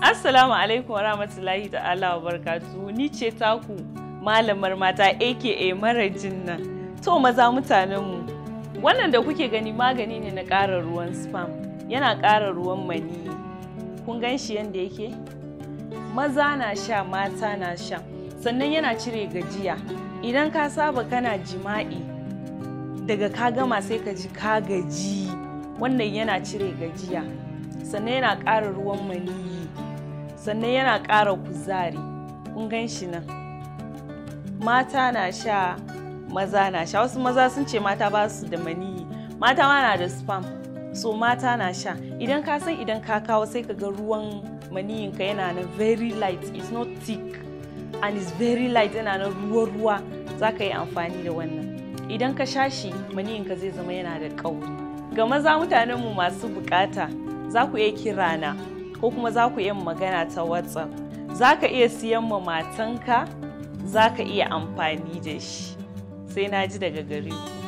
Assalamu alaikum wa rahmatullahi ta'ala wa barkatu ni ce taku malamar mata aka mara jinna to maza mutanenmu wannan da kuke gani magani ne na ƙara ruwan spam yana ƙara ruwan mani kun gan shi yadda yake maza na sha mata na sha sannan yana cire gajiya idan ka saba kana jima'i daga ka gama sai ka ji ka gaji wannan yana cire gajiya sannan yana ƙara ruwan maniyyi sannan yana ƙara kuzari kun gan shi nan mata na sha maza na sha wasu maza sun ce mata ba su da maniyi mata ma na da spam so mata na sha idan ka san idan ka kawo sai ka ga ruwan ka yana na very light it's not thick and it's very light yana na ruwa-ruwa za ka yi amfani da wannan idan ka sha shi ka zai zama yana da kauri ga maza mutanenmu masu bukata za ku iya kirana? ko kuma za ku iya magana ta whatsapp za ka iya siyan ma matanka za ka iya amfani da shi sai na ji daga gari ku